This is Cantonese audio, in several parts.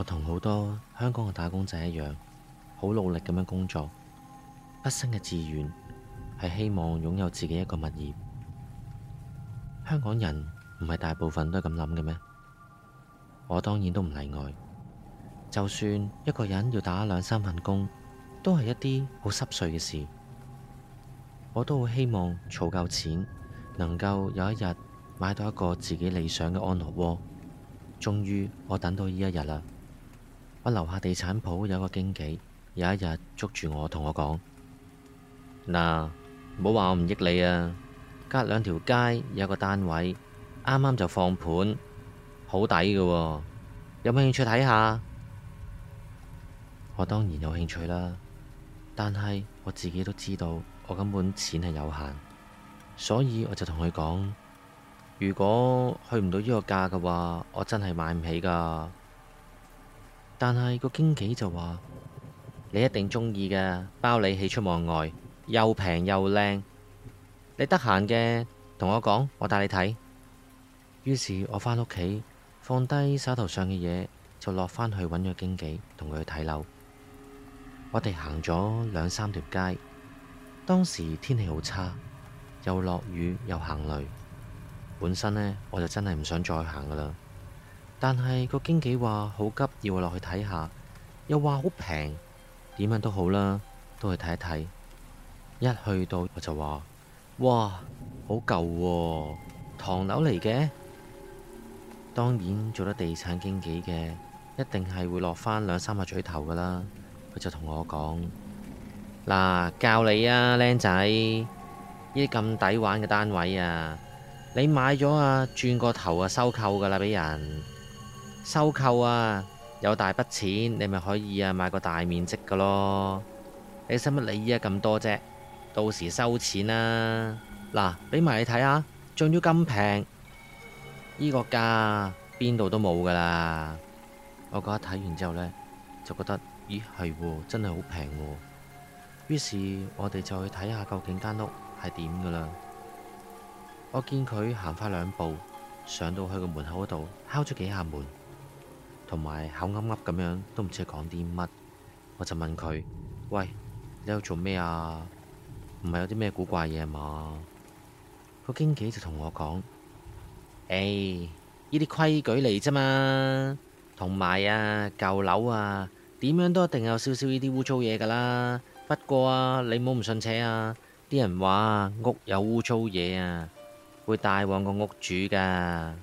我同好多香港嘅打工仔一樣，好努力咁樣工作。畢生嘅志願係希望擁有自己一個物業。香港人唔係大部分都係咁諗嘅咩？我當然都唔例外。就算一個人要打兩三份工，都係一啲好濕碎嘅事。我都好希望儲夠錢，能夠有一日買到一個自己理想嘅安樂窩。終於，我等到呢一日啦。我樓下地產鋪有個經紀，有一日捉住我同我講：嗱，唔好話我唔益你啊！隔兩條街有個單位，啱啱就放盤，好抵嘅，有冇興趣睇下？ 我當然有興趣啦，但係我自己都知道，我根本錢係有限，所以我就同佢講：如果去唔到呢個價嘅話，我真係買唔起噶。但係經紀就話：你一定中意嘅，包你喜出望外，又平又靚。你得閒嘅同我講，我帶你睇。於是我返屋企，放低手頭上嘅嘢，就落返去揾個經紀，同佢去睇樓。我哋行咗兩三條街，當時天氣好差，又落雨又行雷，本身呢，我就真係唔想再行噶啦。但係個經紀話好急，要我落去睇下，又話好平，點樣都好啦，都去睇一睇。一去到我就話：，哇，好舊、啊，唐樓嚟嘅。當然做得地產經紀嘅，一定係會落返兩三個嘴頭噶啦。佢就同我講：，嗱，教你啊，靚仔，呢啲咁抵玩嘅單位啊，你買咗啊，轉個頭啊，收購噶啦，俾人。收購啊，有大筆錢，你咪可以啊，買個大面積噶咯。你使乜理啊咁多啫？到時收錢啦。嗱，俾埋你睇下，仲要咁平，依個價邊度都冇噶啦。我覺得睇完之後呢，就覺得咦係喎，真係好平喎。於是我哋就去睇下究竟間屋係點噶啦。我見佢行返兩步，上到去個門口嗰度，敲咗幾下門。同埋口啱啱咁樣，都唔知講啲乜，我就問佢：，喂，你喺度做咩，哎、啊？唔係有啲咩古怪嘢嘛？個經紀就同我講：，唉，呢啲規矩嚟啫嘛，同埋啊，舊樓啊，點樣都一定有少少呢啲污糟嘢噶啦。不過啊，你唔好唔信邪啊，啲人話屋有污糟嘢啊，會帶旺個屋主噶。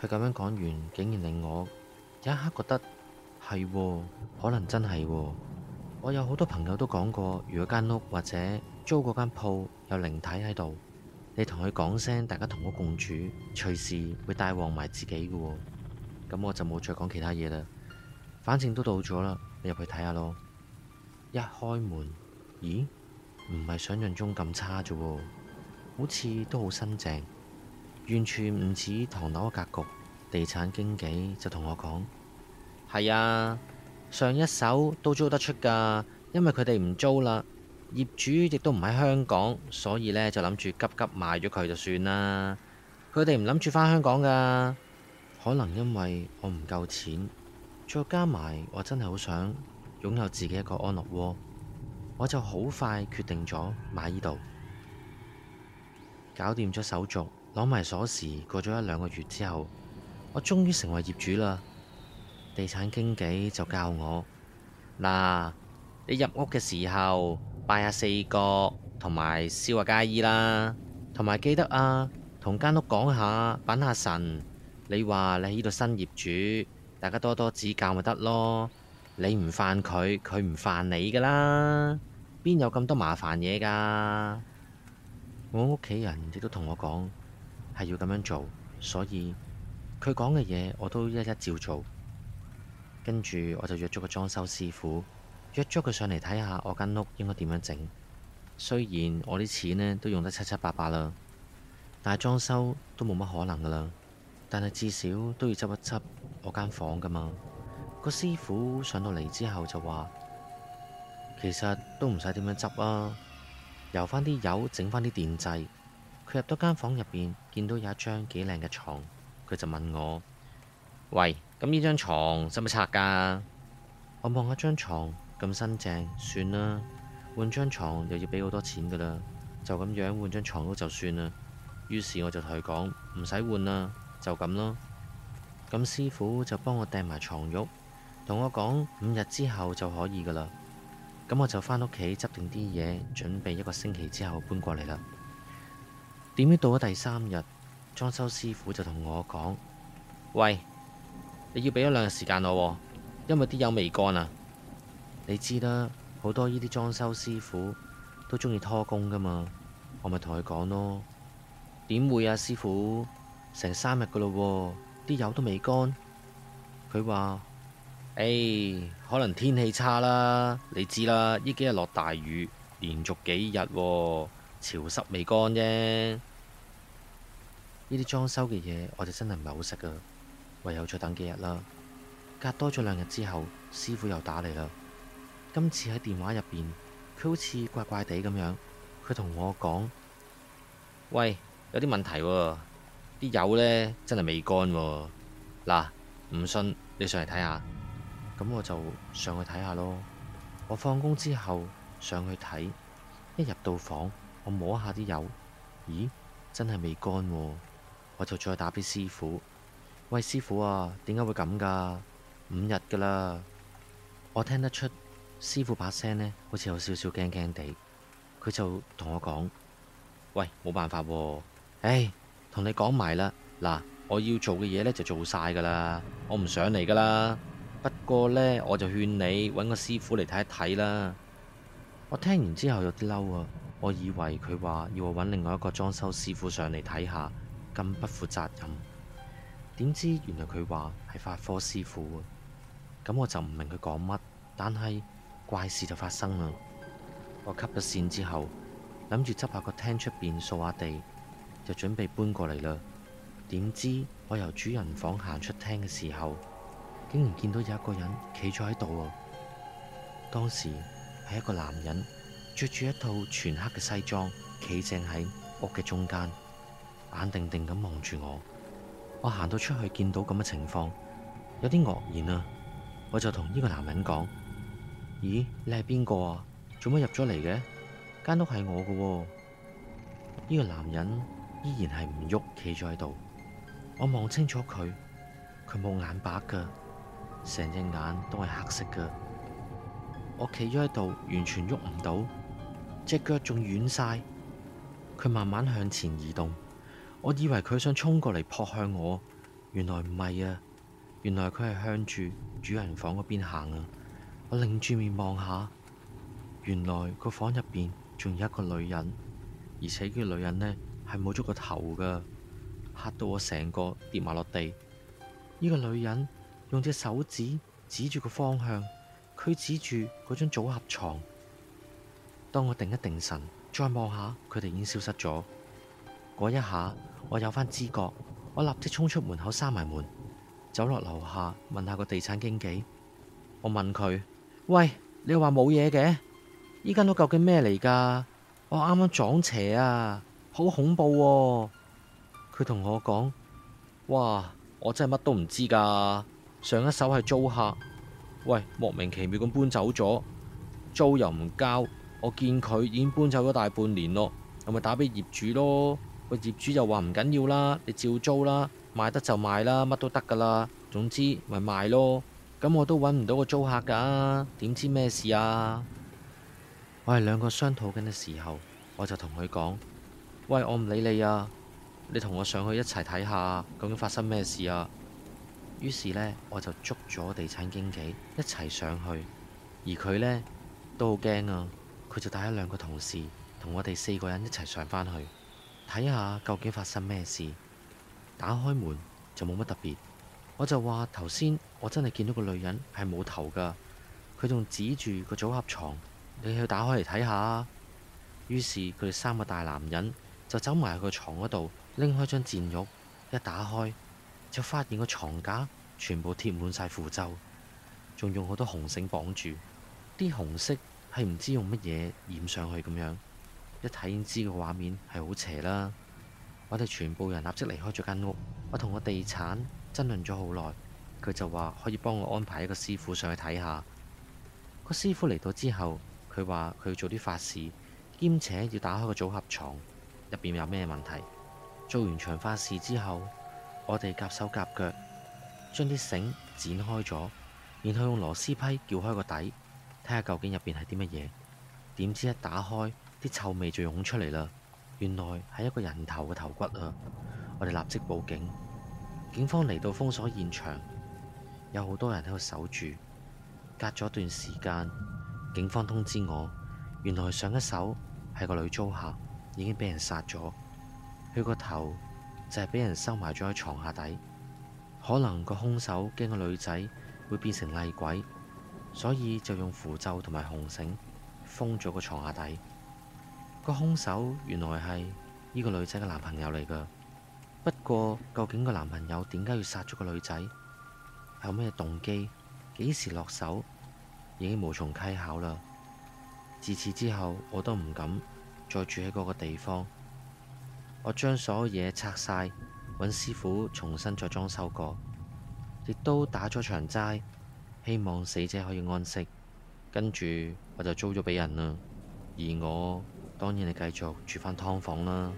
佢咁樣講完，竟然令我。一刻覺得係喎，可能真係喎。我有好多朋友都講過，如果間屋或者租嗰間鋪有靈體喺度，你同佢講聲，大家同屋共處，隨時會帶旺埋自己噶喎。咁我就冇再講其他嘢啦。反正都到咗啦，你入去睇下咯。一開門，咦？唔係想象中咁差啫，好似都好新淨，完全唔似唐樓嘅格局。地產經紀就同我講：係啊，上一手都租得出噶，因為佢哋唔租啦。業主亦都唔喺香港，所以呢就諗住急急賣咗佢就算啦。佢哋唔諗住返香港噶，可能因為我唔夠錢，再加埋我真係好想擁有自己一個安樂窩，我就好快決定咗買呢度，搞掂咗手續，攞埋鎖匙，過咗一兩個月之後。我終於成為業主啦！地產經紀就教我嗱，你入屋嘅時候拜下四角，同埋燒下街衣啦，同埋記得啊，同間屋講下，穩下神。你話你喺呢度新業主，大家多多指教咪得咯。你唔犯佢，佢唔犯你噶啦，邊有咁多麻煩嘢噶？我屋企人亦都同我講係要咁樣做，所以。佢講嘅嘢我都一一照做，跟住我就約咗個裝修師傅，約咗佢上嚟睇下我間屋應該點樣整。雖然我啲錢咧都用得七七八八啦，但係裝修都冇乜可能噶啦。但係至少都要執一執我間房噶嘛。個師傅上到嚟之後就話：其實都唔使點樣執啊，由翻啲油，整翻啲電掣。佢入到間房入邊，見到有一張幾靚嘅床。佢就問我，喂，咁呢張床使唔使拆噶？我望下張床咁新淨，算啦，換張床又要俾好多錢噶啦，就咁樣換張床褥就算啦。於是我就同佢講唔使換啦，就咁咯。咁師傅就幫我訂埋床褥，同我講五日之後就可以噶啦。咁我就返屋企執定啲嘢，準備一個星期之後搬過嚟啦。點知到咗第三日。裝修師傅就同我講：喂，你要俾一兩日時間我，因為啲油未乾啊！你知啦，好多呢啲裝修師傅都中意拖工噶嘛，我咪同佢講咯。點會啊，師傅，成三日噶咯，啲油都未乾。佢話：唉，可能天氣差啦，你知啦，呢幾日落大雨，連續幾日啊，潮濕未乾啫。呢啲裝修嘅嘢，我就真係唔係好識噶唯有再等幾日啦。隔多咗兩日之後，師傅又打嚟啦。今次喺電話入邊，佢好似怪怪地咁樣。佢同我講，喂，有啲問題啊，啲油呢真係未乾啊。嗱，唔信你上嚟睇下。咁我就上去睇下咯。我放工之後上去睇，一入到房，我摸下啲油，咦，真係未乾啊。我就再打俾師傅，喂，師傅啊，點解會咁噶？五日噶啦，我聽得出師傅把聲呢好似有少少驚驚地。佢就同我講：喂，冇辦法，啊，唉，同你講埋啦。嗱，我要做嘅嘢呢就做晒噶啦，我唔上嚟噶啦。不過呢，我就勸你搵個師傅嚟睇一睇啦。我聽完之後有啲嬲啊，我以為佢話要我搵另外一個裝修師傅上嚟睇下。咁不負責任，點知原來佢話係法科師傅，咁我就唔明佢講乜。但係怪事就發生啦，我吸咗線之後，諗住執下個廳出邊掃下地，就準備搬過嚟啦。點知我由主人房行出廳嘅時候，竟然見到有一個人企咗喺度。當時係一個男人，着住一套全黑嘅西裝，企正喺屋嘅中間。眼定定咁望住我，我行到出去見到咁嘅情況，有啲愕然啊！我就同呢個男人講，咦，你係邊個啊？做乜入咗嚟嘅？間屋係我嘅啊。呢個男人依然係唔喐，企咗喺度。我望清楚佢，佢冇眼白嘅，成隻眼都係黑色嘅。我企咗喺度，完全喐唔到，隻腳仲軟晒。佢慢慢向前移動。我以為佢想衝過嚟撲向我，原來唔係啊！原來佢係向住主人房嗰邊行啊！我擰住面望下，原來個房入邊仲有一個女人，而且個女人呢係冇咗個頭噶，吓到我成個跌埋落地。呢個女人用隻手指指住個方向，佢指住嗰張組合床。當我定一定神，再望下，佢哋已經消失咗。嗰一下，我有返知覺，我立即衝出門口閂埋門，走落樓下問下個地產經紀。我問佢：喂，你又話冇嘢嘅？依間屋究竟咩嚟噶？我啱啱撞邪啊，好恐怖啊！佢同我講：哇，我真係乜都唔知噶。上一手係租客，喂，莫名其妙咁搬走咗，租又唔交。我見佢已經搬走咗大半年咯，咁咪打俾業主咯。個業主就話唔緊要啦，你照租啦，賣得就賣啦，乜都得噶啦。總之咪賣咯。咁我都搵唔到個租客噶，點知咩事啊？我哋兩個商討緊嘅時候，我就同佢講：喂，我唔理你啊，你同我上去一齊睇下究竟發生咩事啊。於是呢，我就捉咗地產經紀一齊上去，而佢呢，都好驚啊，佢就帶咗兩個同事同我哋四個人一齊上返去。睇下究竟發生咩事？打開門就冇乜特別，我就話頭先我真係見到個女人係冇頭噶，佢仲指住個組合床，你去打開嚟睇下。於是佢哋三個大男人就走埋去個床嗰度，拎開張墊褥，一打開就發現個床架全部貼滿晒符咒，仲用好多紅繩綁住，啲紅色係唔知用乜嘢染上去咁樣。一睇知個畫面係好邪啦。我哋全部人立即離開咗間屋。我同個地產爭論咗好耐，佢就話可以幫我安排一個師傅上去睇下。個師傅嚟到之後，佢話佢要做啲法事，兼且要打開個組合床入邊有咩問題。做完場法事之後，我哋夾手夾腳將啲繩剪開咗，然後用螺絲批撬開個底，睇下究竟入邊係啲乜嘢。點知一打開，啲臭味就湧出嚟啦。原來係一個人頭嘅頭骨啊！我哋立即報警，警方嚟到，封鎖現場，有好多人喺度守住。隔咗段時間，警方通知我，原來上一手係個女租客，已經俾人殺咗。佢個頭就係俾人收埋咗喺床下底，可能個兇手驚個女仔會變成厲鬼，所以就用符咒同埋紅繩封咗個床下底。個凶手原來係呢個女仔嘅男朋友嚟噶，不過究竟個男朋友點解要殺咗個女仔，有咩動機，幾時落手，已經無從稽考啦。自此之後，我都唔敢再住喺嗰個地方。我將所有嘢拆晒，搵師傅重新再裝修過，亦都打咗場齋，希望死者可以安息。跟住我就租咗俾人啦，而我。當然，你繼續住返劏房啦。